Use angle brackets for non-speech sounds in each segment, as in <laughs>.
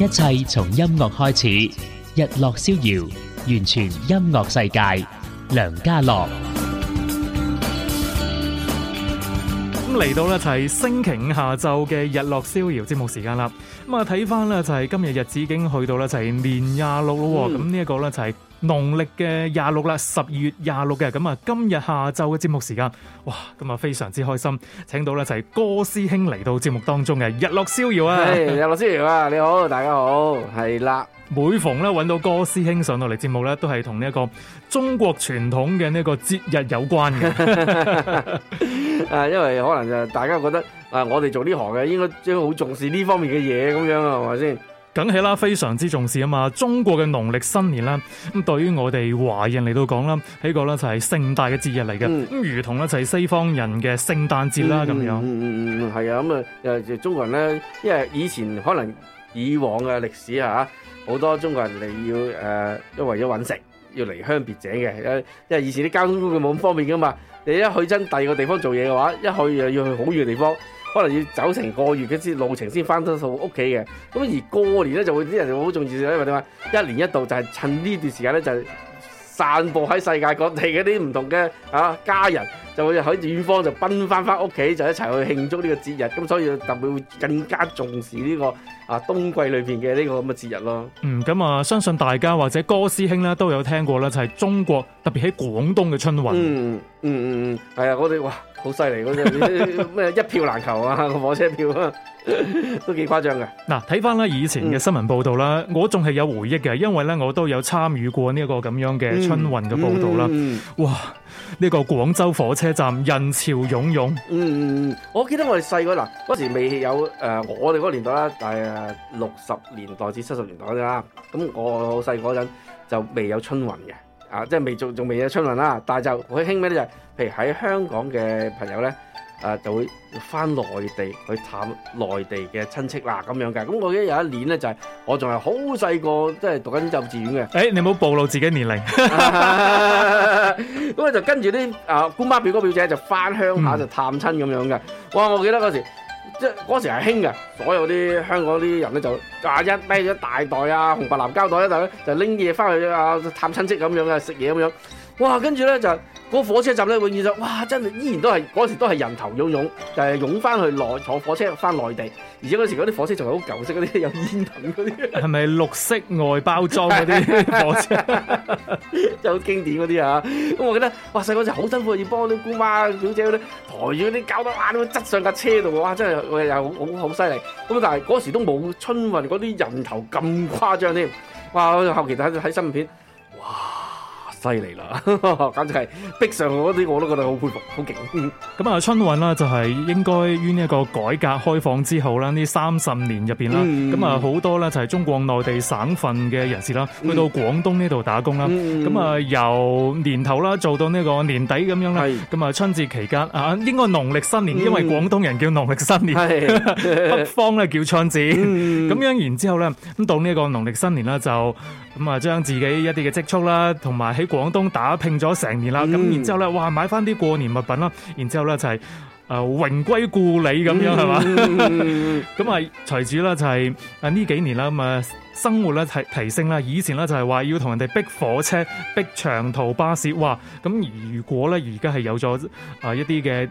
一切從音樂開始，日落逍遙，完全音樂世界，梁嘉樂。咁嚟到咧就係星期五下晝嘅日落逍遙節目時間啦。咁啊睇翻，咧就係今日日子已經去到咧就係年廿六咯。咁呢一個咧就係、是。農曆嘅廿六啦，十二月廿六嘅。咁啊，今日下晝嘅節目時間，哇，咁啊非常之開心，請到咧就係哥師兄嚟到節目當中嘅日落逍遙啊！Hey, 日落逍遙啊，你好，大家好，係啦。每逢咧揾到哥師兄上到嚟節目咧，都係同呢一個中國傳統嘅呢一個節日有關嘅。啊， <laughs> <laughs> 因為可能就大家覺得啊，我哋做呢行嘅應該應好重視呢方面嘅嘢咁樣啊，係咪先？講起啦，非常之重視啊嘛！中國嘅農曆新年啦，咁對於我哋華人嚟到講啦，呢個咧就係盛大嘅節日嚟嘅。咁如同咧就係西方人嘅聖誕節啦咁樣。嗯嗯嗯，係啊，咁啊誒，中國人咧，因為以前可能以往嘅歷史吓，好多中國人嚟要誒，呃、為咗揾食要離鄉別井嘅。因為以前啲交通工具冇咁方便噶嘛，你一去真第二個地方做嘢嘅話，一去又要去好遠嘅地方。可能要走成個月嘅先路程先翻到到屋企嘅，咁而過年咧就會啲人就好重視，因為點啊？一年一度就係趁呢段時間咧，就散佈喺世界各地嗰啲唔同嘅啊家人，就會喺遠方就奔翻翻屋企，就一齊去慶祝呢個節日。咁所以特別會更加重視呢個啊冬季裏邊嘅呢個咁嘅節日咯。嗯，咁啊，相信大家或者哥師兄咧都有聽過咧，就係中國特別喺廣東嘅春運。嗯嗯嗯，係、嗯嗯、啊，我哋話。哇好犀利嗰隻咩，一票難求啊個火車票啊，都幾誇張嘅。嗱，睇翻啦，以前嘅新聞報道啦，嗯、我仲係有回憶嘅，因為咧我都有參與過呢個咁樣嘅春運嘅報道啦。嗯嗯、哇，呢、這個廣州火車站人潮湧涌。嗯，我記得我哋細個嗱嗰時未有誒、呃，我哋嗰個年代啦，大約六十年代至七十年代啦。咁我細嗰陣就未有春運嘅。啊，即係未做，仲未有出輪啦，但係就佢興咩咧就係，譬如喺香港嘅朋友咧，誒、啊、就會翻內地去探內地嘅親戚啦咁樣嘅。咁我記得有一年咧就係、係，我仲係好細個，即係讀緊幼稚園嘅。誒，你唔好暴露自己嘅年齡。咁 <laughs> 我、啊啊啊啊、就跟住啲啊姑媽表哥表姐就翻鄉下就、嗯、探親咁樣嘅。哇！我記得嗰時。即係嗰時係興嘅，所有啲香港啲人呢，就啊一孭咗大袋啊紅白藍膠袋喺度，就拎嘢返去啊探親戚咁樣嘅食嘢咁樣。哇！跟住咧就，嗰個火車站咧永遠就，哇真係依然都係嗰時都係人頭湧湧就，誒、係、湧翻去內坐火車翻內地，而且嗰時嗰啲火車仲係好舊式嗰啲有煙筒嗰啲，係咪綠色外包裝嗰啲火車？真係好經典嗰啲啊！咁我覺得我細嗰時好辛苦，要幫啲姑媽表姐嗰啲抬住啲膠袋，哇，質上架車度，哇，真係又好好犀利。咁但係嗰時都冇春運嗰啲人頭咁誇張添。哇！後期睇睇新片，哇！犀利啦，簡直係逼上嗰啲，我都覺得好佩服，好勁。咁、嗯、啊，春運啦，就係、是、應該於呢一個改革開放之後啦，呢三十年入邊啦，咁啊、嗯，好多啦就係、是、中國內地省份嘅人士啦，去到廣東呢度打工啦，咁啊、嗯、由年頭啦做到呢個年底咁樣咧，咁啊是春節期間啊，應該農曆新年，因為廣東人叫農曆新年，北方咧叫春節，咁、嗯、 <laughs> 樣然之後咧，咁到呢一個農曆新年啦就。咁啊，將自己一啲嘅積蓄啦，同埋喺廣東打拼咗成年啦，咁、嗯、然之後咧，哇，買翻啲過年物品啦，然之後咧就係誒榮歸故里咁樣係嘛？咁啊隨住啦就係、誒、呢幾年啦咁啊～、嗯生活咧提提升啦，以前咧就係話要同人哋逼火車，逼長途巴士，哇！咁如果咧而家係有咗啊一啲嘅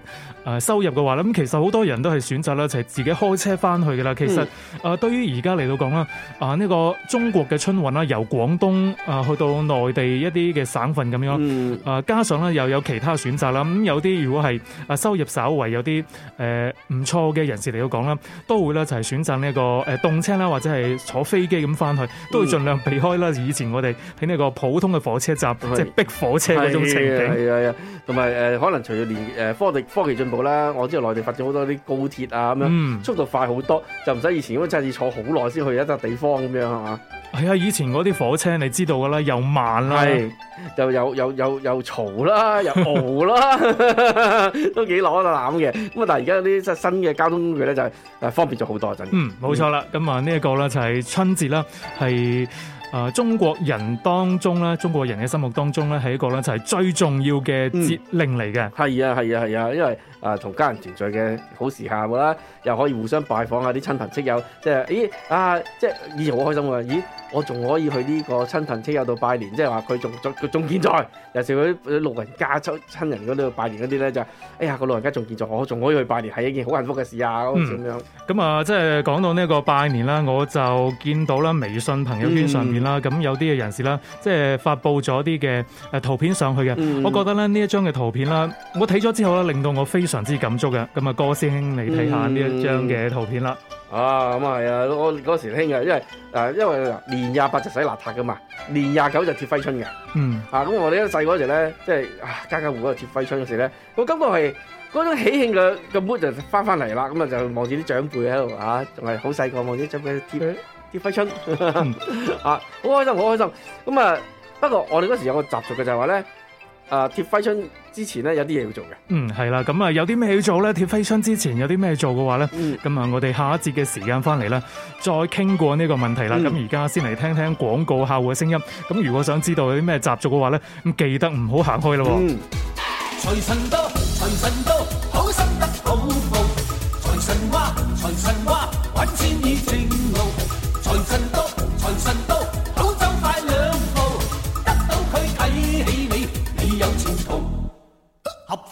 誒收入嘅話咧，咁其實好多人都係選擇咧就係自己開車翻去嘅啦。其實啊，對於而家嚟到講啦，啊呢個中國嘅春運啦，由廣東啊去到內地一啲嘅省份咁樣啊，加上咧又有其他選擇啦。咁有啲如果係啊收入稍為有啲誒唔錯嘅人士嚟到講啦，都會咧就係選擇呢個誒動車啦，或者係坐飛機咁。翻去都盡量避開啦。嗯、以前我哋喺呢個普通嘅火車站，即係是逼火車嗰種情景，係啊，係啊，同埋誒，可能隨住年誒、呃、科技科技進步啦，我知道內地發展好多啲高鐵啊，咁樣、嗯、速度快好多，就唔使以前咁樣真係要坐好耐先去一笪地方咁樣，係嘛？係啊，以前嗰啲火車你知道噶啦，又慢啦，又又又又又嘈啦，又熬啦， <laughs> 都幾攞得攬嘅。咁啊，但係而家啲新嘅交通工具咧就係誒方便咗好多真。嗯，冇錯啦。咁啊、嗯，呢一個咧就係春節啦，係。啊、呃！中國人當中咧，中國人嘅心目當中咧，係一個咧就係、是、最重要嘅節令嚟嘅。係、嗯、啊，係啊，係啊，因為啊，同、呃、家人團聚嘅好時下喎啦，又可以互相拜訪下、啊、啲親朋戚友，即係咦啊，即係以前好開心喎，咦！我仲可以去呢個親朋戚友度拜年，即係話佢仲仲仲健在。尤其是老人家、親親人嗰度拜年嗰啲咧，就係、是，哎呀個老人家仲健在，我仲可以去拜年，係一件好幸福嘅事啊！咁、那個嗯、樣咁啊、嗯，即係講到呢個拜年啦，我就見到啦微信朋友圈上面啦，咁、嗯、有啲嘅人士啦，即係發布咗啲嘅誒圖片上去嘅。嗯、我覺得咧呢這一張嘅圖片啦，我睇咗之後咧，令到我非常之感觸嘅。咁啊，哥師兄，你睇下呢一張嘅圖片啦。嗯啊，咁啊係啊！我嗰時興嘅，因為啊，因為年廿八就洗邋遢噶嘛，年廿九就貼揮春嘅。嗯啊。啊，咁我哋咧細個嗰時咧，即係家家戶戶貼揮春嗰時咧，我感覺係嗰種喜慶嘅嘅 mood 就翻翻嚟啦。咁啊，就望住啲長輩喺度啊，仲係好細個望住啲長輩貼貼揮春，啊，好、嗯啊、開心，好開心。咁啊，不過我哋嗰時有個習俗嘅就係話咧。啊、呃！貼揮春之前咧，有啲嘢要做嘅。嗯，係啦，咁啊，有啲咩要做咧？貼揮春之前有啲咩做嘅話咧？嗯，咁啊，我哋下一節嘅時間翻嚟啦，再傾過呢個問題啦。咁而家先嚟聽聽廣告客戶嘅聲音。咁如果想知道有啲咩習俗嘅話咧，咁記得唔好行開啦。嗯。財神到，財神到。好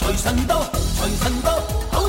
財神到，財神到。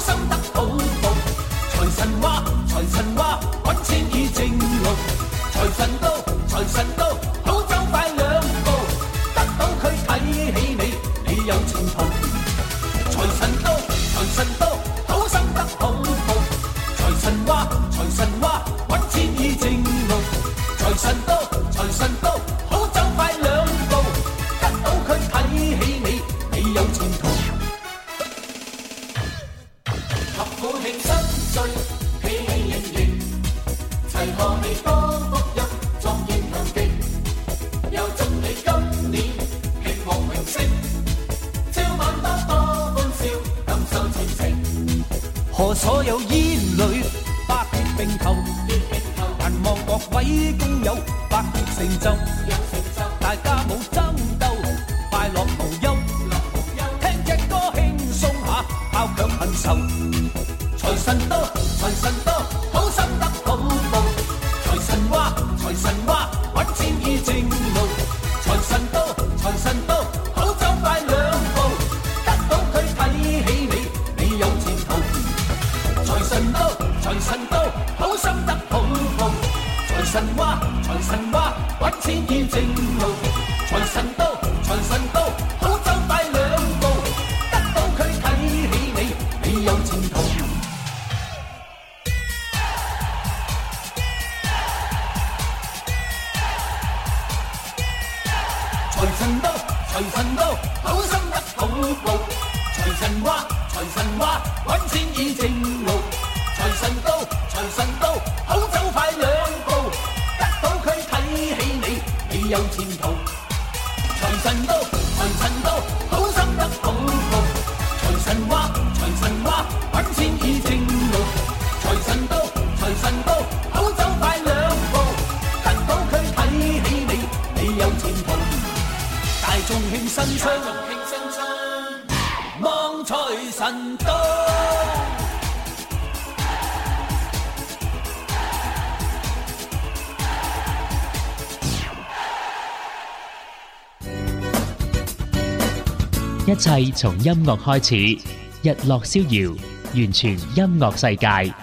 一切從音樂開始，日落逍遙，完全音樂世界，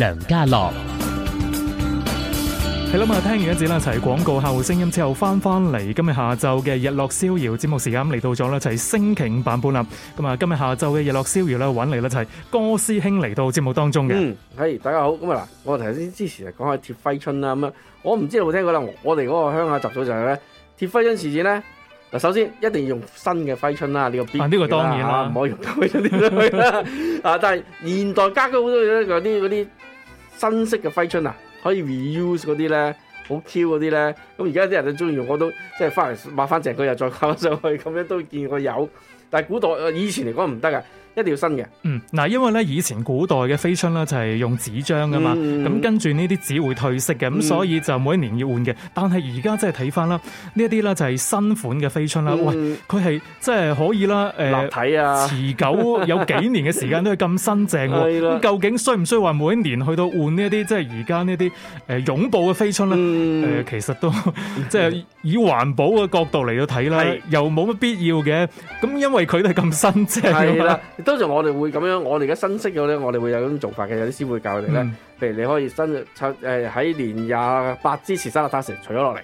梁嘉樂。係啦，咁啊，聽完一節啦，一齊廣告後聲音之後，翻翻嚟，今日下晝嘅日落逍遙節目時間嚟到咗啦，一齊星期五版本啦。咁啊，今日下晝嘅日落逍遙咧，揾嚟咧，一齊哥師兄嚟到節目當中嘅。嗯，係大家好。咁啊嗱，我頭先之前啊講下貼揮春啦，咁樣，我唔知有冇聽過啦，我哋嗰個鄉下習俗就係咧，貼揮春時節咧。嗱，首先一定要用新嘅揮春啦，呢、呢個必呢個當然啦、啊，唔可以用舊揮春去啦。 <laughs> <laughs> 啊，但係現代家居好多啲嗰啲新式嘅揮春啊，可以 reuse 嗰啲咧，好 cute 嗰啲咧。咁而家啲人咧，中意用，我都即係翻嚟抹翻成個又再掛上去，咁樣都見過有。但係古代以前嚟講唔得噶。一條新嘅，嗯嗱，因為咧以前古代嘅飛春咧就係用紙張噶嘛，咁、嗯、跟住呢啲紙會褪色嘅，咁、嗯、所以就每一年要換嘅。但係而家即係睇翻啦，呢一啲咧就係新款嘅飛春啦，喂、嗯，佢係即係可以啦，誒、呃，立體啊，持久有幾年嘅時間都係咁新淨喎。咁 <laughs> 了、嗯、究竟需唔需要話每一年去到換呢一啲即係而家呢啲誒擁抱嘅飛春咧？誒、嗯呃，其實都即係、就是、以環保嘅角度嚟到睇啦，是又冇乜必要嘅。咁因為佢都係咁新淨啦。通常我哋會咁樣，我哋而家新式嘅咧，我哋會有咁做法嘅。有啲師傅會教我哋咧，譬、嗯、如你可以新誒喺年廿八之前洗粒花生，除咗落嚟，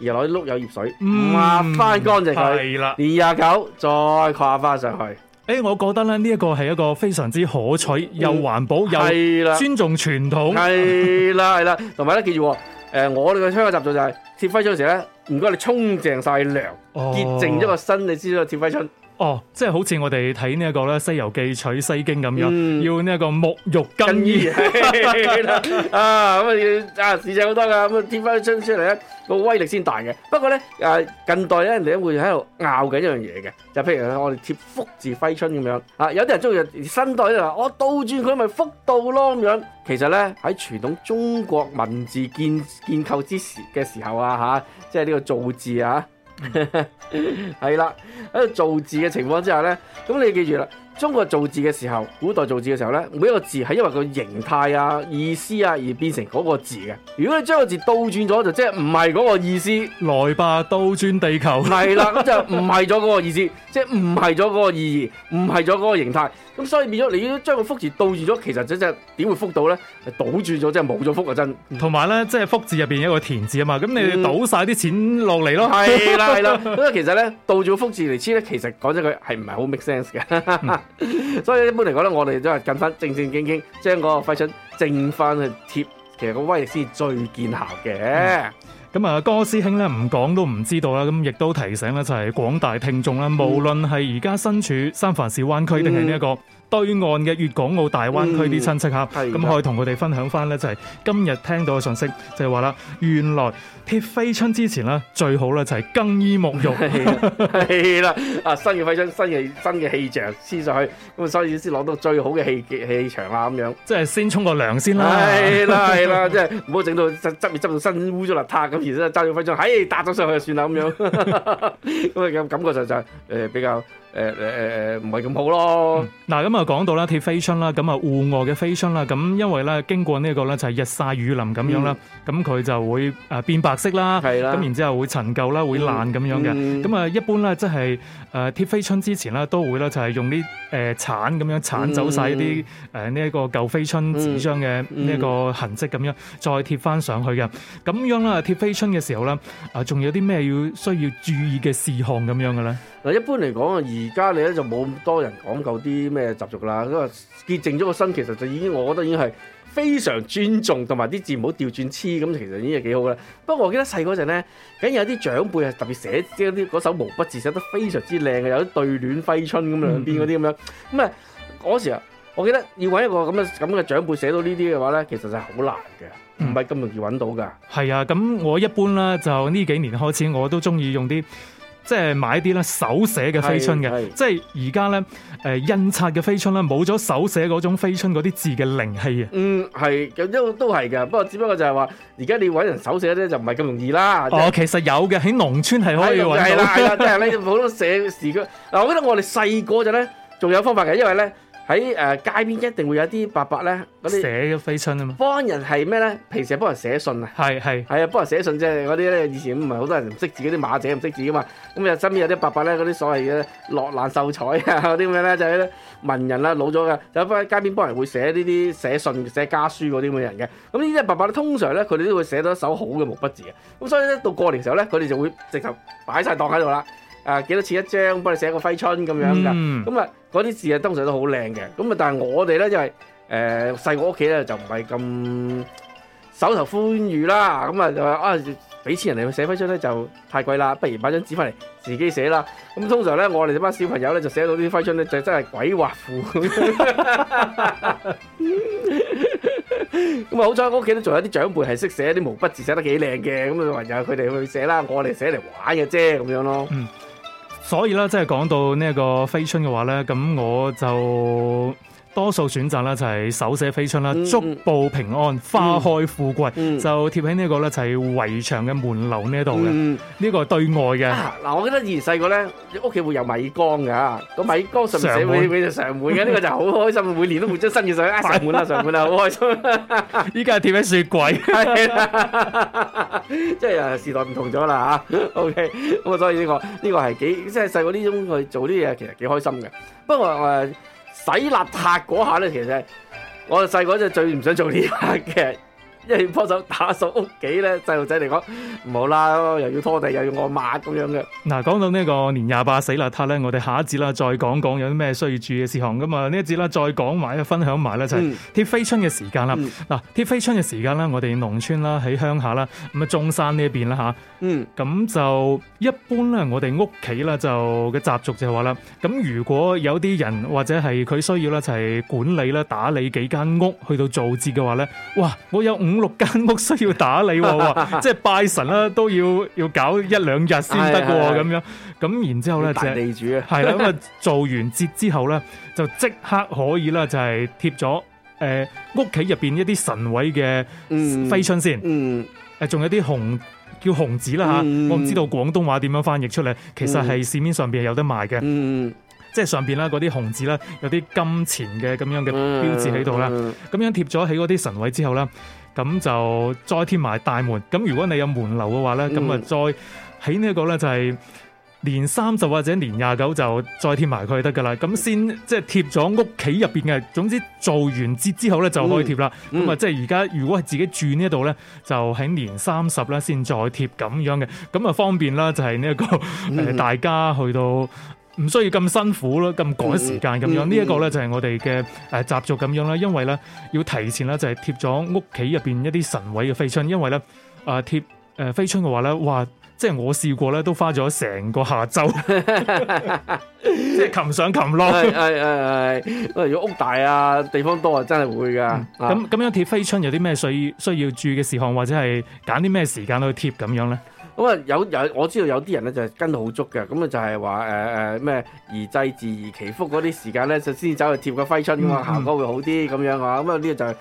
而攞啲碌柚葉水，抹翻乾淨佢。係啦，的年廿九再跨翻上去。誒、哎，我覺得咧呢一個係一個非常之可取又環保、嗯、又尊重傳統。係啦，係啦，同埋咧記住，誒、呃、我哋嘅香港習俗就係貼揮春時候咧，唔該你沖淨曬涼，潔淨咗個身，你先至貼揮春。哦，即係好似我哋睇呢一個咧《西遊記》取西經咁樣，嗯、要呢一個沐浴更衣啊，咁、嗯、啊，啊事情好多噶，咁啊貼翻出出嚟咧，個威力先大嘅。不過咧，誒、啊、近代咧，人哋都會喺度拗緊一樣嘢嘅，就譬如我哋貼福字揮春咁樣啊，有啲人中意新代啦，我倒轉佢咪福到咯咁樣。其實咧喺傳統中國文字建建構之時嘅時候啊，吓、啊，即係呢個造字啊。係啦，喺度造字嘅情況之下咧，咁你記住啦。中國造字嘅時候，古代造字嘅時候咧，每一個字係因為個形態啊、意思啊而變成嗰個字嘅。如果你將個字倒轉咗，就即係唔係嗰個意思。來吧，倒轉地球。係 <laughs> 啦，咁就唔係咗嗰個意思，即係唔係咗嗰個意義，唔係咗嗰個形態。咁所以變咗，你將個福字倒轉咗，其實就即係點會福到咧？倒轉咗即係冇咗福就真。同埋咧，即係福字入邊有一個田字啊嘛，咁、嗯、你倒晒啲錢落嚟咯。係 <laughs> 啦，係啦。咁啊，其實咧倒住個福字嚟黐咧，其實講真佢係唔係好 make sense 嘅。 <laughs> <laughs> 所以一般嚟講咧，我哋都係近翻正正經經，將個虧損掟翻去貼，其實個威力先最見效嘅。咁啊、嗯，哥師兄咧唔講都唔知道啦，咁亦都提醒咧就係廣大聽眾啦，無論係而家身處三藩市灣區定係呢一個。嗯對岸嘅粵港澳大灣區啲親戚吓，咁、嗯、可以同佢哋分享翻咧，就係、是、今日聽到嘅信息，就係話啦，原來貼揮春之前咧，最好咧就係更衣沐浴，係啦，啊新嘅揮春，新嘅新嘅氣象黐上去，咁啊所以先攞到最好嘅氣氣場啦咁樣，即係先沖個涼先啦，係啦係啦，即係唔好整到執執到身污糟邋遢，咁然之後揸住揮春，唉搭咗上去就算啦咁樣，咁啊嘅感覺上就就是、誒、呃、比較誒誒誒唔係咁好咯，嗱咁啊。講到啦，貼飛春啦，咁啊戶外嘅飛春啦，咁因為咧經過呢個咧就係日曬雨淋咁樣啦，咁佢、嗯、就會誒變白色啦，咁的然之後會陳舊啦，會爛咁、嗯、樣嘅，咁啊、嗯、一般咧即係誒貼飛春之前咧都會咧就係用啲誒鏟咁樣鏟走晒啲誒呢一個舊飛春紙張嘅呢一個痕跡咁樣，再貼翻上去嘅，咁樣咧貼飛春嘅時候咧啊仲有啲咩要需要注意嘅事項咁樣嘅咧？嗱一般嚟講啊，而家你咧就冇咁多人講究啲咩啦，咁啊，結淨咗個身，其實就已經，我覺得已經係非常尊重，同埋啲字唔好調轉黐，咁其實已經係幾好嘅。不過我記得細嗰陣咧，梗有啲長輩係特別寫即係啲嗰手毛筆字寫得非常之靚嘅，有啲對聯揮春咁兩邊嗰啲咁樣。咁啊、嗯嗯，嗰時啊，我記得要揾一個咁嘅咁嘅長輩寫到呢啲嘅話咧，其實就係好難嘅，唔係咁容易揾到㗎。係、嗯、啊，咁我一般啦，就呢幾年開始，我都中意用啲。即係買啲咧手寫嘅飛春嘅，是是即係而家咧誒印刷嘅飛春咧冇咗手寫嗰種飛春嗰啲字嘅靈氣啊。嗯，係咁都都係噶，不過只不過就係話而家你搵人手寫咧就唔係咁容易啦。是哦，其實有嘅喺農村係可以搵到啦，即係咧好多寫時佢嗱，我覺得我哋細個就咧仲有方法嘅，因為咧。喺誒街邊一定會有啲伯伯咧，嗰啲寫嘅揮春啊嘛，幫人係咩咧？平時幫人寫信啊，係係係啊，幫人寫信啫。嗰啲咧以前唔係好多人唔識字，嗰啲馬仔唔識字噶嘛，咁啊身邊有啲伯伯咧，嗰啲所謂嘅落難秀才啊，嗰啲咩咧就係、是、咧文人啦，啊，老咗嘅，就喺街邊幫人會寫呢啲寫信寫家書嗰啲咁嘅人嘅。咁呢啲伯伯咧通常咧佢哋都會寫到一手好嘅毛筆字嘅，咁所以咧到過年時候咧佢哋就會直頭擺晒檔喺度啦。啊，幾多錢一張？幫你寫個揮春咁樣噶，咁啊嗰啲字啊通常都好靚嘅。咁啊，但係我哋咧因為誒細個屋企咧就唔係咁手頭寬裕啦。咁啊就話啊俾錢人哋去寫揮春咧就太貴啦，不如買張紙翻嚟自己寫啦。咁通常咧我哋啲班小朋友咧就寫到啲揮春咧就真係鬼畫符。咁啊好彩我屋企咧仲有啲長輩係識寫啲毛筆字，寫得幾靚嘅。咁啊就由佢哋去寫啦，我哋寫嚟玩嘅啫，咁樣咯。所以啦，即係講到呢一個揮春嘅話呢，咁我就。多數選擇咧就係手寫飛春啦，竹報平安，花開富貴，就貼喺呢個咧就係圍牆嘅門樓呢度嘅，呢個係對外嘅。嗱，我記得以前細個咧，屋企會有米缸嘅，個米缸上面寫滿滿就常滿嘅，呢個就好開心，每年都會將新嘅水啊，常滿啊，常滿啊，好開心。依家係貼喺雪櫃，即係時代唔同咗啦吓。OK，咁啊，所以呢個呢個係幾即係細個呢種去做啲嘢，其實幾開心嘅。不過誒。洗邋遢嗰下咧，其實我哋細個就最唔想做呢下嘅。一為幫手打掃屋企咧，細路仔嚟講唔好啦，又要拖地，又要我抹咁樣嘅。嗱，講到呢個年廿八死邋遢咧，我哋下一節啦再講講有啲咩需要注意嘅事項。咁啊呢一節啦再講埋啦，分享埋啦就係貼飛春嘅時間啦。嗱、嗯，貼飛春嘅時間啦，我哋農村啦，喺鄉下啦，咁啊中山呢邊啦吓，嗯，咁就一般咧，我哋屋企啦就嘅習俗就係話啦，咁如果有啲人或者係佢需要咧就係管理咧打理幾間屋去到造節嘅話咧，哇，我有五。五六間屋需要打理喎、哦， <laughs> 即係拜神啦、啊，都要要搞一兩日先得喎，咁 <laughs> 樣咁然之後咧就地主啊，係啦咁啊，做完節之後咧，就即刻可以啦，就係貼咗誒屋企入邊一啲神位嘅揮春先，誒仲、嗯嗯呃、有啲紅叫紅紙啦吓，嗯、我唔知道廣東話點樣翻譯出嚟，嗯、其實係市面上邊有得賣嘅，嗯、即係上邊啦嗰啲紅紙啦，有啲金錢嘅咁樣嘅標誌喺度啦，咁、嗯嗯、樣貼咗喺嗰啲神位之後咧。咁就再貼埋大門，咁如果你有門樓嘅話咧，咁啊再喺呢一個咧就係、是、年三十或者年廿九就再貼埋佢得噶啦，咁先即係貼咗屋企入邊嘅，總之做完節之後咧就可以貼啦。咁啊、嗯嗯、即係而家如果係自己住呢度咧，就喺年三十咧先再貼咁樣嘅，咁啊方便啦，就係呢一個誒、呃、大家去到。唔需要咁辛苦咯，咁趕時間咁、嗯、樣，呢、這、一個咧就係我哋嘅誒習俗咁樣啦。因為咧要提前咧就係貼咗屋企入邊一啲神位嘅飛春，因為咧啊貼誒飛春嘅話咧，哇，即係我試過咧都花咗成個下晝，即係擒上擒落。係係係，如果屋大啊，地方多啊，真係會噶。咁咁、嗯啊、樣貼飛春有啲咩需需要注意嘅事項，或者係揀啲咩時間去貼咁樣咧？咁啊有有我知道有啲人咧就係、是、跟到好足嘅，咁啊就係話誒誒咩而祭祀而祈福嗰啲時間咧就先走去貼個揮春咁啊，效果會好啲咁樣啊，咁啊呢個就誒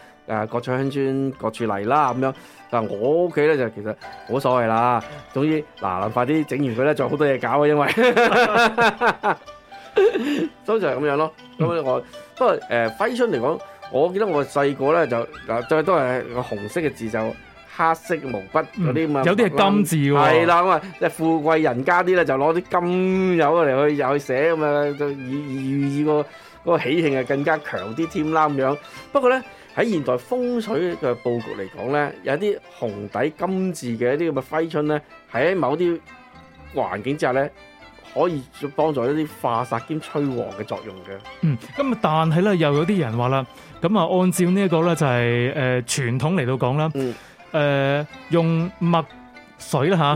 各處鄉村各處嚟啦咁樣。但係我屋企咧就是、其實冇所謂啦，總之嗱、呃，快啲整完佢咧，仲有好多嘢搞啊，因為所以 <laughs> <laughs> 就係咁樣咯。咁我不過誒揮、呃、春嚟講，我記得我細個咧就嗱，最都係個紅色嘅字就。黑色毛筆嗰啲嘛，有啲係金字喎、哦，係啦咁啊，即係富貴人家啲咧就攞啲金油嚟去又去寫咁啊，就意寓意個、那個喜慶啊更加強啲添啦咁樣。不過咧喺現代風水嘅佈局嚟講咧，有啲紅底金字嘅一啲咁嘅揮春咧，喺某啲環境之下咧，可以幫助一啲化煞兼催旺嘅作用嘅。嗯，咁啊，但係咧又有啲人話啦，咁啊按照呢一個咧就係、是、誒、呃、傳統嚟到講啦。嗯誒、呃，用墨水啦吓，寫、啊、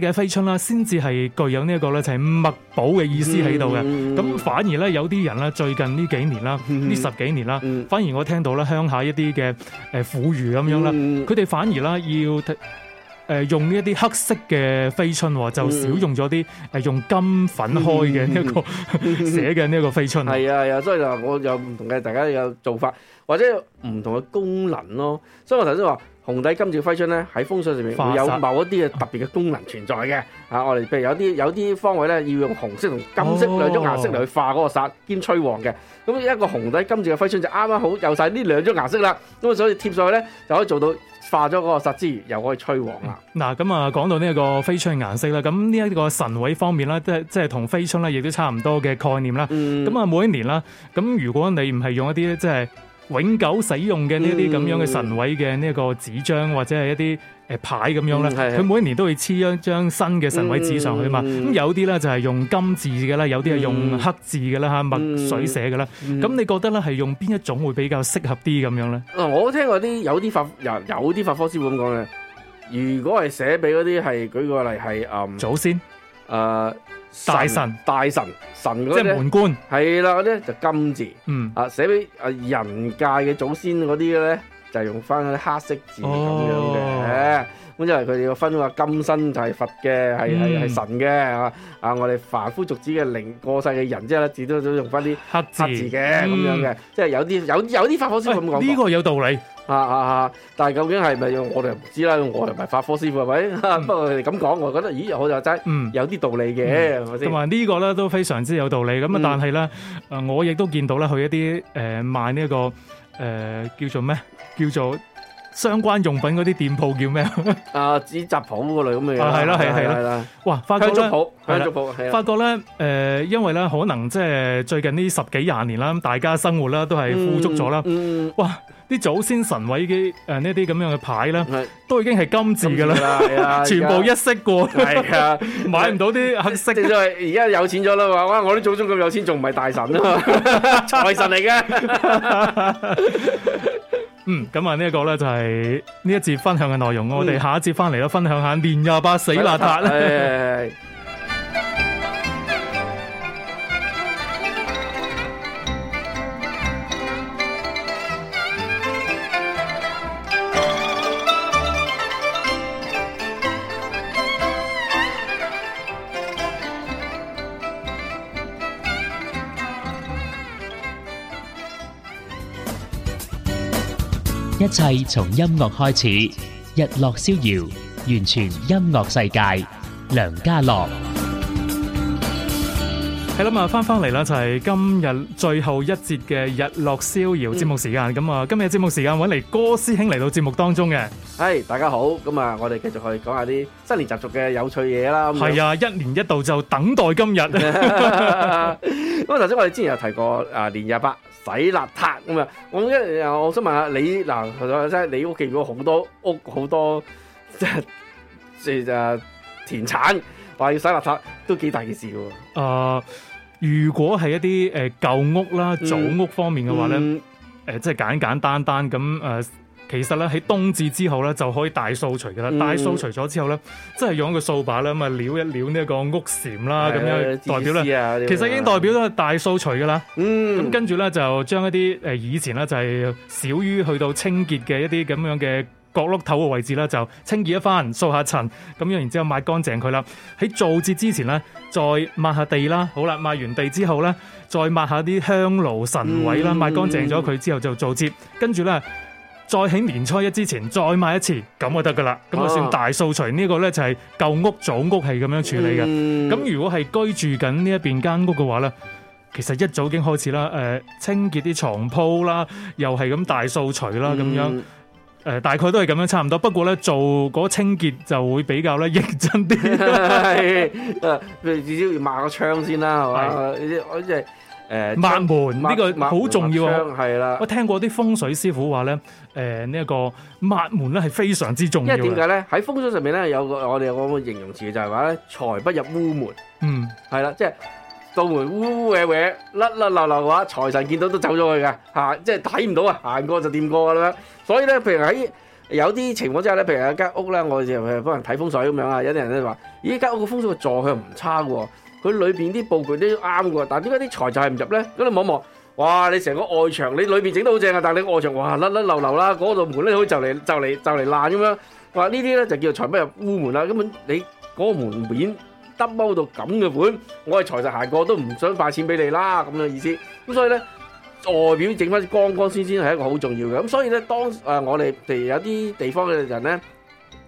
嘅、嗯、飛春啦，先至係具有呢、這、一個咧，就係墨寶嘅意思喺度嘅。咁、嗯、反而咧，有啲人咧，最近呢幾年啦，呢、嗯、十幾年啦，嗯、反而我聽到咧，鄉下一啲嘅誒富裕咁樣啦，佢哋、嗯、反而啦要誒、呃、用呢一啲黑色嘅飛春，嗯、就少用咗啲誒用金粉開嘅呢一個寫嘅呢一個飛春。係啊係啊，所以就我有唔同嘅，大家有做法或者唔同嘅功能咯。所以我頭先話。紅底金字揮春咧，喺風水上面會有某一啲嘅特別嘅功能存在嘅化煞、啊。啊，我哋譬如有啲有啲方位咧要用紅色同金色兩種顏色嚟去化嗰個煞、哦、兼催旺嘅。咁一個紅底金字嘅揮春就啱啱好又晒呢兩種顏色啦。咁所以貼上去咧就可以做到化咗嗰個煞之餘又可以催旺啦。嗱、嗯，咁啊講到呢一個揮春嘅顏色啦，咁呢一個神位方面啦，都係即係同揮春咧亦都差唔多嘅概念啦。咁啊、嗯、每一年啦，咁如果你唔係用一啲即係。就是永久使用嘅呢啲咁樣嘅神位嘅呢個紙張或者係一啲誒牌咁樣咧，佢、嗯、每一年都會黐一張新嘅神位紙上去啊嘛。咁、嗯嗯、有啲咧就係用金字嘅啦，有啲係用黑字嘅啦嚇，墨、嗯、水寫嘅啦。咁、嗯嗯、你覺得咧係用邊一種會比較適合啲咁樣咧？嗱，我聽過啲有啲法有有啲法科師會咁講嘅，如果係寫俾嗰啲係舉個例係誒、嗯、祖先，誒、呃。大神大神大神，神即係門官係啦，嗰啲就金字，嗯、啊寫俾啊人界嘅祖先嗰啲嘅咧就是，用翻啲黑色字咁樣嘅，咁因為佢哋要分，話金身就係佛嘅，係係神嘅，啊，啊我哋凡夫俗子嘅，靈過世嘅人即係啦，至多都用翻啲黑字嘅，咁、嗯、樣嘅，即係有啲有有啲佛法師咁講，呢個有道理。啊啊啊！但係究竟係咪我哋唔知啦，我哋唔係法科師傅係咪？嗯、 <laughs> 不過佢哋咁講，我覺得咦，我又真有啲道理嘅，同埋、嗯、呢個咧都非常之有道理。咁啊，但係咧，我亦都見到咧，去一啲誒賣呢個誒、呃、叫做咩叫做相關用品嗰啲店鋪叫咩啊？啊，紙紮鋪嗰類咁嘅嘢。係咯、啊，係係啦。哇，發覺咧，係啦，的發覺咧，誒、呃，因為咧，可能即係最近呢十幾廿年啦，大家生活啦都係富足咗啦。嗯嗯、哇！啲祖先神位嘅、誒呢啲咁樣嘅牌咧，都已經係金字嘅啦，係啊，全部一式過，係啊，買唔到啲黑色，因為而家有錢咗啦嘛，哇！我啲祖宗咁有錢，仲唔係大神啊？財 <laughs> 神嚟嘅。 <laughs> 嗯，咁啊呢一個咧就係呢一節分享嘅內容，嗯、我哋下一節翻嚟咧分享下年廿八死邋遢啦。一切從音樂開始，日落逍遙，完全音樂世界，梁嘉樂。係啦嘛，翻翻嚟啦，就係今日最後一節嘅日落逍遙節目時間。咁啊，今日節目時間揾嚟哥師兄嚟到節目當中嘅。係，大家好。咁啊，我哋繼續去講下啲新年習俗嘅有趣嘢啦。係啊，一年一度就等待今日。因為頭先我哋之前有提過啊，年廿八洗邋遢咁啊。我一啊，我想問下你嗱，即係你屋企嗰好多屋好多即係誒田產。話要洗邋遢都幾大件事嘅喎。啊、呃，如果係一啲誒舊屋啦，祖屋方面嘅話咧，誒即係簡簡單單咁誒，呃，其實咧喺冬至之後咧就可以大掃除噶啦。嗯，大掃除咗之後咧，即係用一個掃把咧，咁啊撩一撩呢一個屋檐啦，咁樣代表咧，其實已經代表咗大掃除噶啦。嗯。咁跟住咧就將一啲誒，呃，以前咧就係少於去到清潔嘅一啲咁樣嘅。角落頭嘅位置啦，就清潔一番，掃下塵，咁樣然之後抹乾淨佢啦。喺做節之前咧，再抹下地啦。好啦，抹完地之後咧，再抹下啲香爐神位啦，抹乾淨咗佢之後就做節。跟住咧，再喺年初一之前再抹一次，咁就得噶啦。咁就算大掃除、啊、個呢個咧就係、是、舊屋、祖屋係咁樣處理嘅。咁、嗯、如果係居住緊呢一邊間屋嘅話咧，其實一早已經開始啦。誒、呃，清潔啲床鋪啦，又係咁大掃除啦，咁樣。嗯誒，大概都係咁樣差唔多，不過咧做嗰清潔就會比較咧認真啲，係，誒，至少要抹個窗先啦，係咪？即係誒，抹、呃、門呢個好重要，係啦。我聽過啲風水師傅話咧，誒呢一個抹門咧係非常之重要的。因為點解咧？喺風水上面咧，有個我哋有個形容詞就係話咧，財不入污門，嗯，係啦，即係。道門烏烏歪歪甩甩流流嘅話，財神見到都走咗去㗎，行即係睇唔到啊，行過就掂過啦。所以咧，譬如喺有啲情況之下咧，譬如有間屋咧，我哋就又幫人睇風水咁樣啊，有啲人咧話：咦間屋嘅風水坐向唔差嘅，佢裏邊啲佈局都啱嘅，但點解啲財就係唔入咧？咁你望一望，哇！你成個外牆你裏邊整得好正啊，但你外牆哇甩甩流流啦，嗰度門咧好似就嚟就嚟就嚟爛咁樣。話呢啲咧就叫做財不入烏門啦，根本你嗰個門面。得踎到咁嘅款，我係財神行過都唔想快錢俾你啦，咁嘅意思。咁所以咧，外表整翻啲光光鮮鮮係一個好重要嘅。咁所以咧，當誒、呃、我哋譬如有啲地方嘅人咧。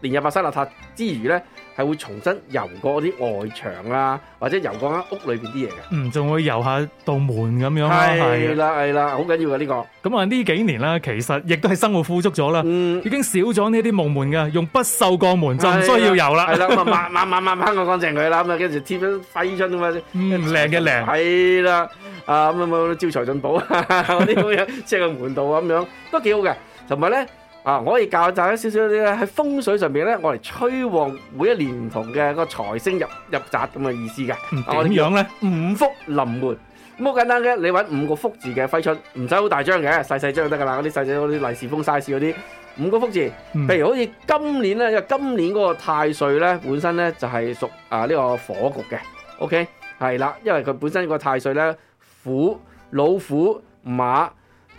連入巴西拉塔之餘咧，係會重新遊過啲外牆啊，或者遊過間屋裏面啲嘢嘅。嗯，仲會遊下道門咁樣。係啦，係啦，好緊要㗎呢個。咁啊呢幾年啦，其實亦都係生活富足咗啦，已經少咗呢啲木門㗎，用不鏽鋼門就唔需要遊啦。係啦，咁啊慢慢慢慢抹乾淨佢啦，咁啊跟住貼張揮春咁啊，靚嘅靚。係啦，啊咁啊冇招財進寶啊啲咁樣，即係個門度咁樣都幾好嘅，同埋咧。啊！我可以教大家一少少啲咧，喺風水上邊咧，我嚟催旺每一年唔同嘅個財星入入宅咁嘅意思嘅。點樣咧？五福臨門咁好簡單嘅，你搵五個福字嘅揮春，唔使好大張嘅，細細張就得噶啦，嗰啲細細嗰啲利是封 size 嗰啲，五個福字，譬如好似今年咧，因為今年嗰個太歲咧本身咧就係屬啊呢個火局嘅。OK，係啦，因為佢本身個太歲咧虎、老虎、馬。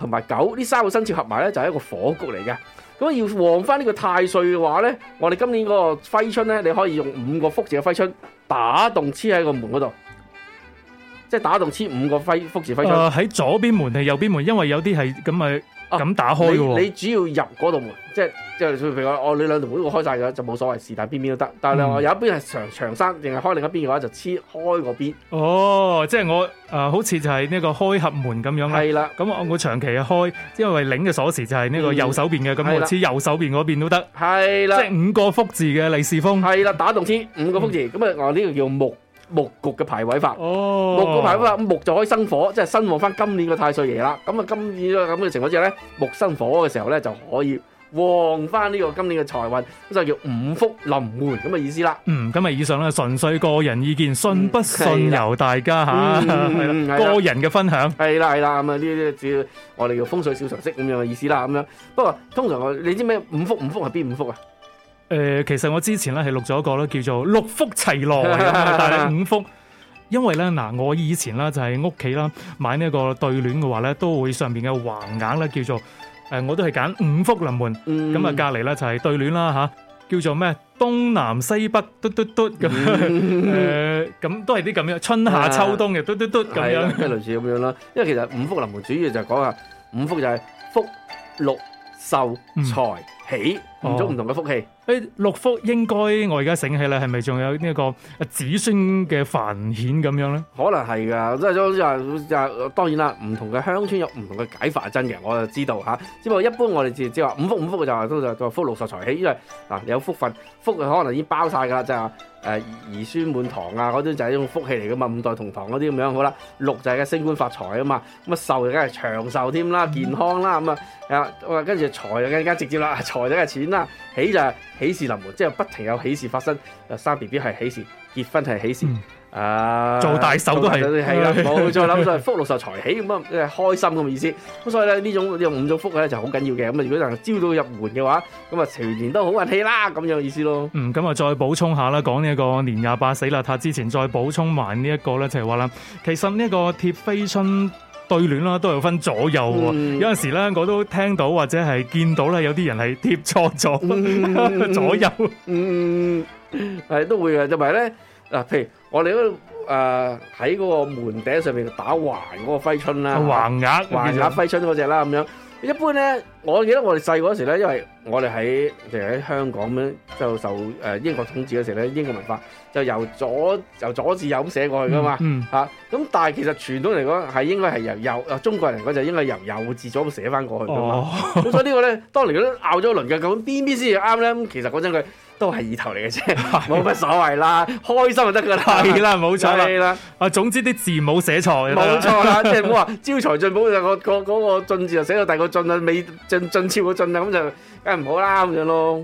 同埋九，呢三個生肖合埋咧就係一個火局嚟嘅。咁要旺翻呢個太歲嘅話咧，我哋今年個揮春咧，你可以用五個福字嘅揮春打洞黐喺個門嗰度，即係打洞黐五個揮福字揮春。喺、呃、左邊門定右邊門？因為有啲係咁咪。咁打開喎、哦啊，你主要入嗰度門，即係即係譬如我，我、哦、你兩度門都開晒嘅就冇所謂，是但邊邊都得。但係我有一邊係長長生，定係開另一邊嘅話，就黐開嗰邊。哦，即係我誒、呃，好似就係呢個開合門咁樣。係啦的，咁我、嗯、我長期開，因為擰嘅鎖匙就係呢個右手邊嘅，咁、嗯、我黐右手邊嗰邊都得。係啦的，的即係五個福字嘅利是封。係啦，打洞黐五個福字，咁、嗯、啊，呢、這個叫木。木局嘅排位法，oh. 木局排位法，木就可以生火，即係生旺翻今年嘅太歲爺啦。咁啊，今年咁嘅情況之下咧，木生火嘅時候咧就可以旺翻呢個今年嘅財運，咁就叫五福臨門咁嘅、那個、意思啦。嗯，今日以上咧純粹個人意見，信不信由大家吓，個人嘅分享。係啦係啦，咁啊呢啲只要我哋叫風水小常識咁樣嘅意思啦，咁樣。不過通常我你知咩五福，五福係邊五福啊？誒、呃，其實我之前咧係錄咗一個咧叫做六福齊來啊， <laughs> 但係五福，因為咧嗱、呃，我以前啦就係屋企啦買呢個對聯嘅話咧，都會上邊嘅橫額咧叫做誒、呃，我都係揀五福臨門，咁、嗯、啊隔籬咧就係對聯啦吓，叫做咩？東南西北嘟嘟嘟咁，誒，咁、嗯呃、都係啲咁樣，春夏秋冬嘅的嘟嘟嘟咁樣，類似咁樣啦。因為其實五福臨門主要就係講下，五福就係福六起、祿、嗯、壽、財、喜。唔足唔同嘅福氣，誒、哦欸、六福應該我而家醒起啦，係咪仲有、這個、這呢一個子孫嘅繁衍咁樣咧？可能係噶，即係話，當然啦。唔同嘅鄉村有唔同嘅解法係真嘅，我就知道吓、啊。只不過一般我哋字即係話五福五福就係福祿壽財喜，因為嗱、啊、有福份，福可能已經包晒噶啦，就係、是、誒、啊、兒孫滿堂啊嗰啲就係一種福氣嚟噶嘛，五代同堂嗰啲咁樣好啦。六就係嘅升官發財啊嘛，咁啊壽就梗係長壽添啦，健康啦咁啊，誒、啊啊、跟住財就更加直接啦，財即係錢。嗱，喜就係喜事臨門，即係不停有喜事發生。生 B B 係喜事，結婚係喜事，嗯、啊，做大壽都係，係啦，冇好、啊啊、再諗，再 <laughs> 福祿壽財喜咁樣，即係開心咁嘅意思。咁所以咧呢種有五種福咧就好緊要嘅。咁啊，如果能招到入門嘅話，咁啊，全年都好運氣啦，咁樣嘅意思咯。嗯，咁啊，再補充下啦，講呢一個年廿八洗邋遢之前，再補充埋呢一個咧，就係話啦，其實呢一個貼揮春，對聯啦，都有分左右喎。有陣時咧，我都聽到或者係見到咧，有啲人係貼錯咗左右，係都會嘅。就埋咧嗱，譬如我哋嗰、誒喺嗰個門頂上面打橫嗰個揮春啦，橫額、橫額揮春嗰隻啦，咁樣。一般呢，我記得我哋細個嗰時呢，因為我哋喺就喺香港呢，咁樣，就受、呃、英國統治嗰時候呢，英國文化就由左由左至右咁寫過去㗎嘛，咁、嗯啊、但係其實傳統嚟講係應該係由右，中國人講就應該由右至左寫返過去㗎嘛，咁、哦、所以呢個呢， <laughs> 當年都拗咗輪嘅咁，邊邊先至啱咧，咁其實講真佢。都係意頭嚟嘅啫，冇乜、啊、所謂啦，開心就得噶、啊、啦。係、啊、啦，冇錯啦。啊、那個，總之啲字冇寫錯，冇錯啦，即係唔好話招財進寶就個個嗰個進字就寫到第二個進啊，未進進超個進啊，咁就梗係唔好啦咁樣咯。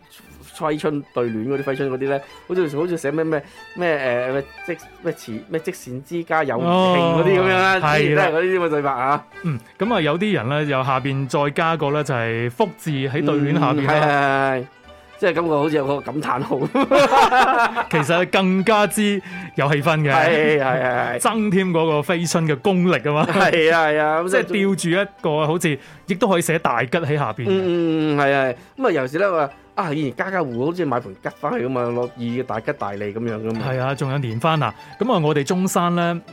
揮春對聯嗰啲揮春嗰啲咧，好似好似寫咩咩咩誒咩即咩詞咩即善之家有情嗰啲咁樣啦，都係嗰啲咁嘅對白啊。嗯，咁啊有啲人咧又下邊再加個咧就係福字喺對聯下邊啦。嗯即係感覺好似有個感嘆號，其實係更加之有氣氛嘅，係係係，增添嗰個揮春嘅功力啊嘛，係啊係啊，即係吊住一個好似，亦都可以寫大吉喺下邊，嗯嗯嗯，係啊，咁啊有時咧話啊，以前家家戶戶好似買盆吉翻嚟咁啊，攞意大吉大利咁樣噶嘛，係啊，仲有年花啊，咁啊我哋中山咧呢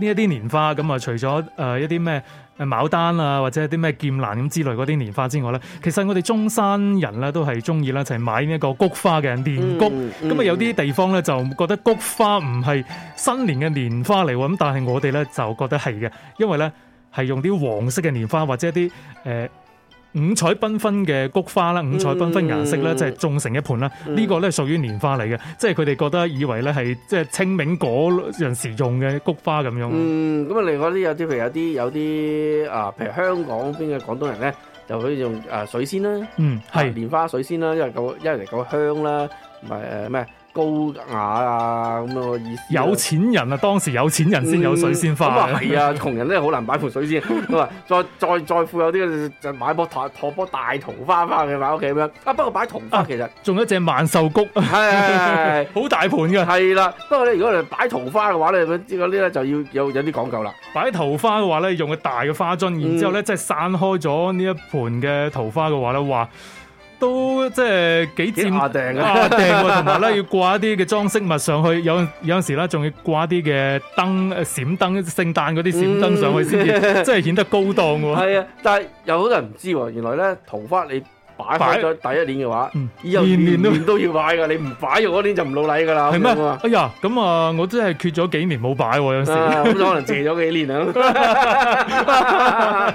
一啲年花咁啊，除咗誒一啲咩？牡丹啊，或者啲咩劍蘭咁之類嗰啲年花之外咧，其實我哋中山人咧都係中意咧，就係買呢一個菊花嘅年菊。咁啊、嗯嗯、有啲地方咧就覺得菊花唔係新年嘅年花嚟喎，咁但係我哋咧就覺得係嘅，因為咧係用啲黃色嘅年花或者啲誒。呃五彩繽紛嘅菊花啦，五彩繽紛顏色啦，嗯、即係種成一盤啦。呢、嗯、個咧屬於年花嚟嘅，即係佢哋覺得以為咧係即係清明嗰陣時用嘅菊花咁樣。嗯，咁啊，另外啲有啲，譬如有啲有啲啊，譬如香港邊嘅廣東人咧，就可以用啊水仙啦，嗯，係蓮花水仙啦，因為夠，因為夠香啦，唔係誒咩？高雅啊咁嘅、啊、意思、啊，有錢人啊，當時有錢人先有水仙花。咁、嗯、啊，係啊， <laughs> 窮人咧好難擺盤水仙。 <laughs> 再再再富有啲嘅就買棵桃，託樖大桃花翻去擺屋企咁樣。Okay, 啊，不過擺桃花、啊、其實仲有一隻萬壽菊，係好、啊、 <laughs> 大盤嘅係啦。不過咧，如果你擺桃花嘅話咧，呢個咧就要有有啲講究啦。擺桃花嘅話咧，用個大嘅花樽，然之後咧，即係散開咗呢一盤嘅桃花嘅話咧，哇！都即係幾佔啊！訂同埋咧要掛一啲嘅裝飾物上去，有有陣時咧仲要掛一啲嘅燈誒閃燈、聖誕嗰啲閃燈上去先至，即係顯得高檔喎。係啊， <laughs> 但係有好多人唔知喎、啊，原來咧桃花你。擺咗擺第一年嘅話，年、嗯、年都都要擺噶。嗯、你唔擺嘅嗰年就唔老禮噶啦。係咩嗎？哎呀，咁啊，我真係缺咗幾年冇擺，有陣時咁、啊、可能借咗幾年啊。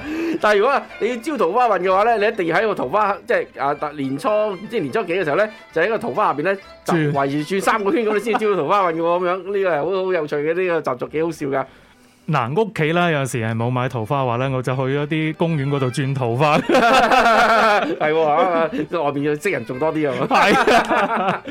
<laughs> <laughs> 但係如果你要招桃花運嘅話咧，你一定要喺個桃花，即、就、係、是、啊，年初即係、就是、年初幾嘅時候咧，就喺個桃花入邊咧，圍住轉三個圈咁你先至招桃花運嘅咁樣。呢、這個係好好有趣嘅呢、這個習俗，幾好笑噶。嗱，屋企啦，啊、有陣時係冇買桃花嘅話咧，我就去嗰啲公園嗰度轉桃花。係 <laughs> <laughs> 啊，外邊要識人做多啲啊。係啊，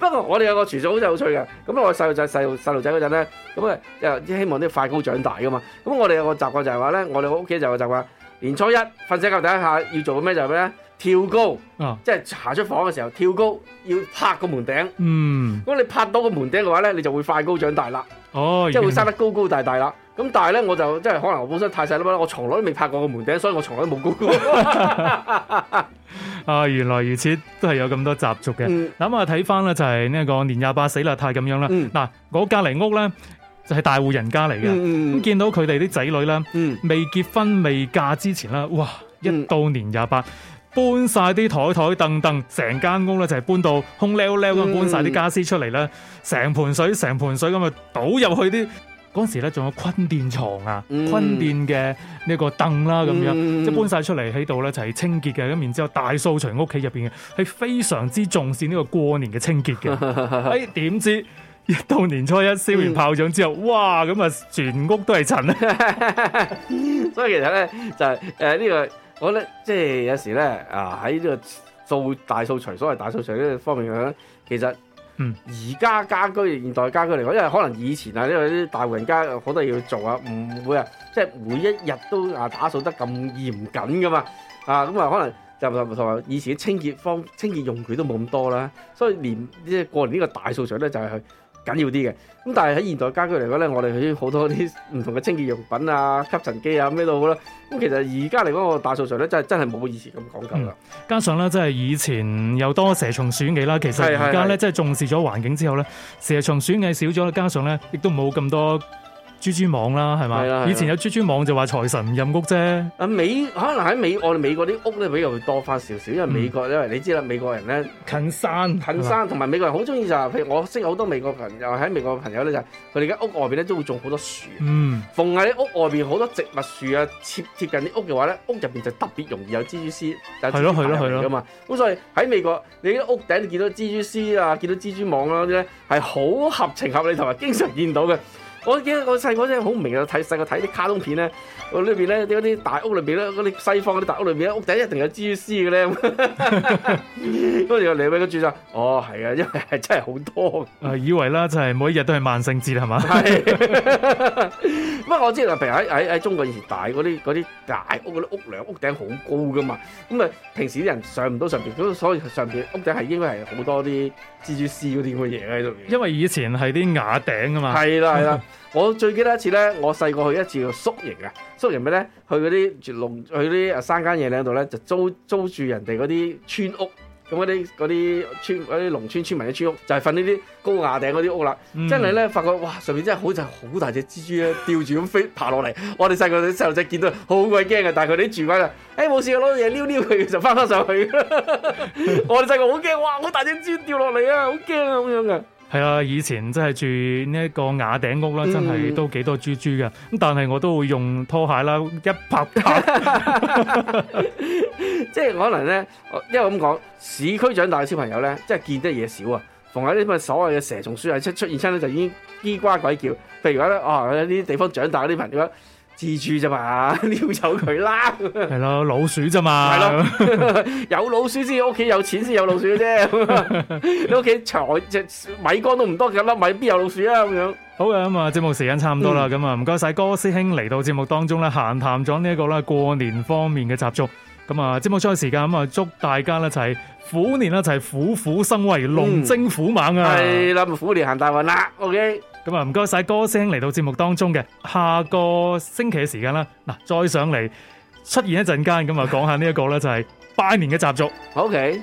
不過我哋有個廚嫂就好有趣嘅。咁我細路仔細細路仔嗰陣咧，咁啊又希望啲快高長大噶嘛。咁我哋有個習慣就係話咧，我哋屋企就個習慣，年初一瞓醒覺第一下要做嘅咩就係咩咧？跳高，啊、即係行出房嘅時候跳高，要拍個門頂。嗯，咁你拍到個門頂嘅話咧，你就會快高長大啦。哦，即係會生得高高大大啦。咁但係咧，我就即係可能我本身太細粒啦，我從來都未拍過個門頂，所以我從來都冇高過 <laughs> 。 <laughs> <laughs> 啊，原來如此，都係有咁多習俗嘅。咁啊、嗯，睇翻，咧就係呢一、就是、個年廿八死邋遢咁樣啦。嗱、嗯，我隔籬屋咧就係、是、大戶人家嚟嘅，咁、嗯、見到佢哋啲仔女咧，嗯、未結婚未嫁之前咧，哇！一到年廿八、嗯，搬晒啲台台凳凳，成間屋咧就係、是、搬到空溜溜 e 咁搬晒啲家私出嚟咧，成盆、嗯、水成盆水咁啊倒入去啲。嗰時咧仲有坤電床啊，坤電嘅呢個凳啦咁樣，即係搬晒出嚟喺度咧就係清潔嘅，咁然之後大掃除屋企入邊嘅係非常之重視呢個過年嘅清潔嘅， <laughs> 哎，點知一到年初一燒完炮仗之後，嗯、哇咁啊全屋都係塵啊， <laughs> 所以其實咧就係誒呢個我覺得即係有時咧啊喺呢個做大掃除所謂大掃除呢個方面咧其實。嗯，而家家居現代家居嚟講，因為可能以前啊，因為啲大戶人家好多嘢要做啊，唔會啊，即係每一日都啊打掃得咁嚴謹噶嘛，啊咁啊可能就同埋以前清潔方清潔用具都冇咁多啦，所以連即係過年呢個大掃除咧就係去。緊要啲嘅，咁但係喺現代家居嚟講咧，我哋去好多啲唔同嘅清潔用品啊、吸塵機啊咩都好啦。咁其實而家嚟講，個大掃除咧真係真係冇以前咁講究啦。加上咧，真係以前又多蛇蟲鼠蟻啦。其實而家咧，是是是是即係重視咗環境之後咧，蛇蟲鼠蟻少咗啦。加上咧，亦都冇咁多。蜘蛛網啦，係咪？是是以前有蜘蛛網就話財神唔入屋啫。啊美，可能喺美，我哋美國啲屋咧，比較會多翻少少，因為美國因為、嗯、你知啦，美國人咧近山近山，同埋山的美國人好中意就係，譬如我識好多美國朋友喺美國嘅朋友咧，就係佢哋而家屋外邊咧都會種好多樹。嗯，逢喺屋外邊好多植物樹啊，貼貼近啲屋嘅話咧，屋入邊就特別容易有蜘蛛絲。係咯係咯係咯。咁咁所以喺美國，你啲屋頂見到蜘蛛絲啊，見到蜘蛛網嗰啲咧，係好合情合理，同埋經常見到嘅。我記得我細個真係好唔明啊！睇細個睇啲卡通片咧，裏邊咧啲嗰啲大屋裏邊咧，嗰啲西方嗰啲大屋裏邊咧，屋頂一定有蜘蛛絲嘅咧。嗰時阿李偉都住咗，哦係啊，因為係真係好多的。啊以為啦，就係、是、每一日都係萬聖節係嘛？係。不過 <laughs> <laughs> 我知啊，譬如喺喺喺中國以前大嗰啲嗰啲大屋嗰啲屋梁屋頂好高噶嘛，咁啊平時啲人上唔到上邊，所以上邊屋頂係應該係好多啲蜘蛛絲嗰啲咁嘅嘢喺度。因為以前係啲瓦頂啊嘛。係啦， <laughs> 係啦。我最記得一次咧，我細個去一次宿營啊，宿營咩咧？去嗰啲農，去啲山間野嶺度咧，就租租住人哋嗰啲村屋，咁嗰啲啲村啲農村村民嘅村屋，就係、是、瞓、嗯、呢啲高瓦頂嗰啲屋啦。真係咧，發覺哇，上面真係好似好大隻蜘蛛咧、啊，吊住咁飛爬落嚟。我哋細個啲細路仔見到好鬼驚嘅，但係佢哋住家啊，誒、欸、冇事，攞啲嘢撩撩佢就翻返上去。 <laughs> 我哋細個好驚，哇！好大隻蜘蛛掉落嚟啊，好驚啊咁樣嘅。係啊，以前真係住呢一個瓦頂屋啦，真係都幾多蜘蛛嘅。咁、嗯、但係我都會用拖鞋啦，一拍即。即係可能咧，因為咁講，市區長大嘅小朋友咧，真係見得嘢少啊。逢喺啲乜所謂嘅蛇蟲鼠蟻出出現出咧，就已經嘰呱鬼叫。譬如講咧，哦、啊，喺呢啲地方長大啲朋友。蜘蛛啫嘛，撩走佢啦。係咯， <laughs> 老鼠啫嘛。係咯，有老鼠先，屋企有錢先有老鼠啫。 <laughs> 你屋企才隻米缸都唔多幾粒米，邊有老鼠啊？咁樣。好、嗯、嘅，咁啊節目時間差唔多啦，咁啊唔該晒哥師兄嚟到節目當中咧，閒談咗呢一個咧過年方面嘅習俗。咁啊，節目最後時間咁啊，祝大家就係虎年就係虎虎生威，龍精虎猛啊！係啦，虎年行大運啦，OK。咁啊，唔該晒哥師兄嚟到節目當中嘅，下個星期嘅時間啦，嗱，再上嚟出現一陣間，咁啊、這個，講下呢一個咧就係拜年嘅習俗。OK。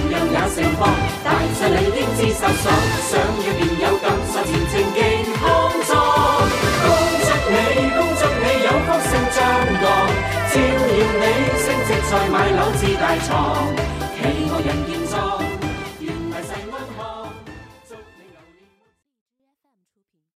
也成功，帶上你英姿颯爽，想要便有更上前程健康壯。恭祝你，恭祝你有福星掌舵，照耀你，升職再買樓置大床，